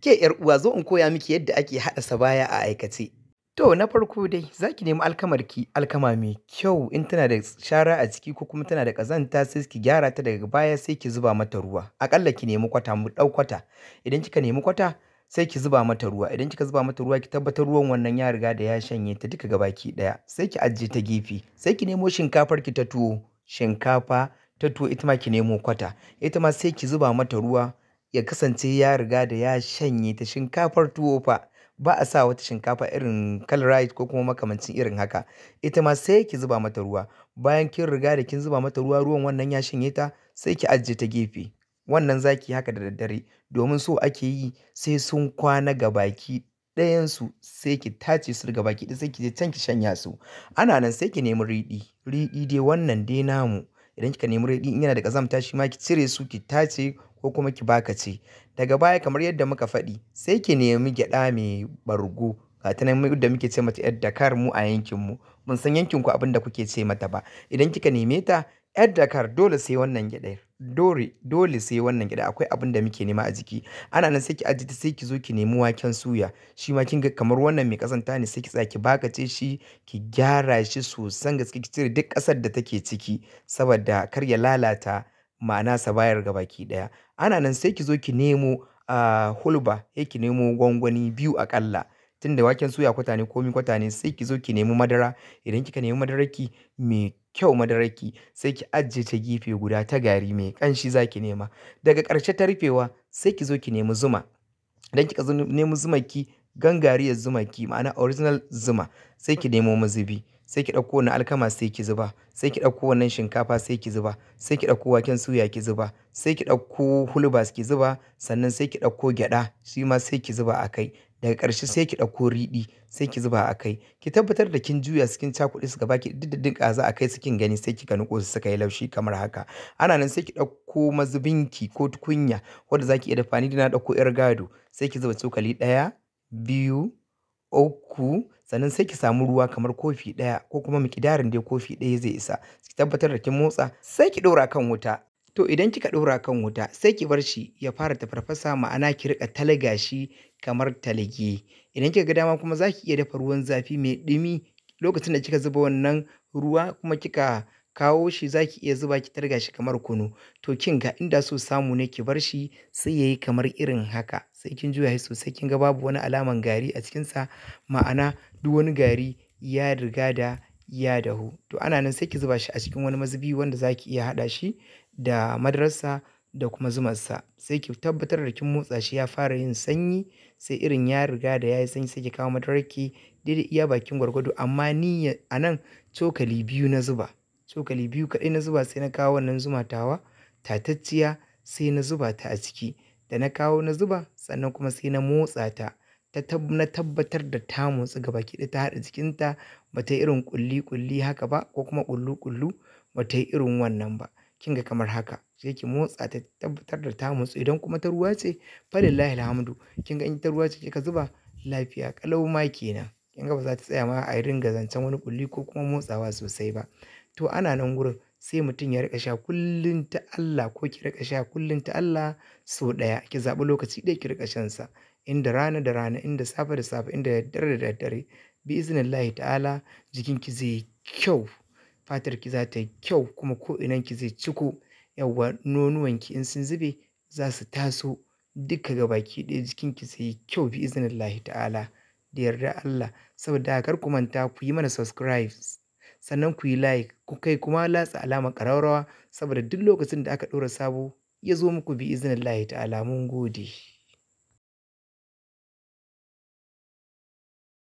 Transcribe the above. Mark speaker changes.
Speaker 1: Ke ‘yar uwa zo in koya miki yadda ake haɗa sabaya a aikace. To na farko dai za ki nemi alkamarki alkama mai kyau in tana da shara a ciki ko kuma tana da ƙazanta sai ki gyara ta daga baya sai ki zuba mata ruwa. Aƙalla ki nemi kwata mu ɗau kwata. Idan kika nemi kwata sai ki zuba mata ruwa. Idan kika zuba mata ruwa ki tabbatar ruwan wannan ya riga da ya shanye ta duka gabaki ɗaya. Sai ki ajiye ta gefe. Sai ki nemo shinkafar ki ta tuwo. Shinkafa ta tuwo ita ma ki nemo kwata. Ita ma sai ki zuba mata ruwa ya kasance ya riga da ya shanye ta shinkafar tuwo fa ba a sa wata shinkafa irin colorized ko kuma makamancin irin haka ita ma sai ki zuba mata ruwa bayan kin riga da kin zuba mata ruwa ruwan wannan ya shanye ta sai ki ajiye ta gefe wannan zaki haka da daddare domin so ake yi sai sun kwana ga baki ɗayansu sai ki tace su daga baki sai ki je can ki shanya su ana nan sai ki nemi riɗi riɗi dai wannan dai namu idan kika nemi riɗi in yana da ƙazamta shi ma ki cire su ki tace ko kuma ki ce Daga baya kamar yadda muka faɗi sai ki nemi gyaɗa mai bargo gata nan da muke ce mata ‘yar kar mu a yankinmu. mun san yankin ku abinda kuke ce mata ba. Idan kika neme ta ‘yar Dakar dole sai wannan gyaɗa Dole, dole sai wannan gyaɗa akwai abin da muke nema a jiki. Ana nan sai ki ajiye ta sai ki zo ki nemi waken suya. Shi ma kin kamar wannan mai kasanta ne sai ki tsaya ki ce shi ki gyara shi sosan gaske ki cire duk ƙasar da take ciki saboda kar ya lalata ma'ana sabayar baki ɗaya. Ana nan sai ki zo ki nemo a hulba, sai ki nemo gwangwani biyu aƙalla. Tunda waken suya kwata ne komi kwata ne sai ki zo ki nemi madara. Idan kika nemi madararki mai kyau madararki sai ki ajiye ta gefe guda ta gari mai ƙanshi za ki nema. Daga ƙarshe ta rufewa sai ki zo ki nemi zuma. Idan kika nemo zumarki gangariyar zumaki ma'ana original zuma sai ki nemo mazubi. sai ki ɗauko wannan alkama sai ki zuba sai ki ɗauko wannan shinkafa sai ki zuba sai ki ɗauko waken suya ki zuba sai ki ɗauko hulbas ki zuba sannan sai ki ɗauko gyaɗa shi ma sai ki zuba a kai daga ƙarshe sai ki ɗauko riɗi sai ki zuba a kai ki tabbatar da kin juya sukin cakuɗi cakuɗe su gaba ki diddin ƙaza a kai su kin gani sai kika nuko su suka yi laushi kamar haka ana nan sai ki ɗauko mazubinki ko tukunya wanda ki iya dafani ni na ɗauko 'yar gado sai ki zuba cokali ɗaya biyu uku sannan sai ki samu ruwa kamar kofi ɗaya ko kuma mikidarin dai kofi ɗaya zai isa ki tabbatar da kin motsa sai ki ɗora kan wuta to idan kika ɗora kan wuta sai ki bar shi ya fara tafarfasa ma'ana ki riƙa talaga shi kamar talage. idan kika ga dama kuma za ki iya dafa ruwan zafi mai ɗumi lokacin da kika zuba wannan ruwa kuma kika kawo shi zaki iya zuba ki targa shi kamar kunu to kin ga inda so samu ne ki bar shi sai yayi kamar irin haka sai kin juya shi sosai kin ga babu wani alaman gari a cikinsa ma'ana duk wani gari ya riga da ya dahu to ana nan sai ki zuba shi a cikin wani mazubi wanda zaki iya haɗa shi da madararsa da kuma zumarsa sai ki tabbatar da kin motsa shi ya fara yin sanyi sai irin ya riga da ya yi sanyi sai ki kawo madararki daidai iya bakin gwargwado amma ni a nan cokali biyu na zuba cokali biyu kaɗai na zuba sai na kawo wannan zuma tawa tatacciya sai na zuba ta a ciki da na kawo na zuba sannan kuma sai na motsa ta ta na tabbatar da ta motsa gaba kiɗi ta haɗa jikinta ba ta irin kulli-kulli haka ba ko kuma kullu ƙullu ba ta irin wannan ba kin ga kamar haka sai ki motsa ta tabbatar da ta motsa idan kuma ta ruwa ce falillahi alhamdu kin ga in ta ruwa ce kika zuba lafiya kalau ma kenan kin ga ba za ta tsaya ma a ringa zancen wani kulli ko kuma motsawa sosai ba to ana nan wurin sai mutum ya riƙa sha kullum ta Allah ko ki riƙa sha kullum ta Allah sau ɗaya ki zaɓi lokaci ɗaya ki riƙa sa inda rana da rana inda safe da safe inda daddare da daddare bi iznillahi ta'ala jikinki zai kyau fatarki za ta yi kyau kuma ko ki zai ciko nonuwan ki, in sun zube za su taso duka ga baki ɗaya jikinki zai kyau bi iznillahi ta'ala da yarda Allah saboda kar ku manta ku yi mana subscribes sannan ku yi like ku kai kuma latsa alamar ƙararrawa saboda duk lokacin da aka ɗora sabo ya zo muku bi izinin Allah ta'ala mun gode.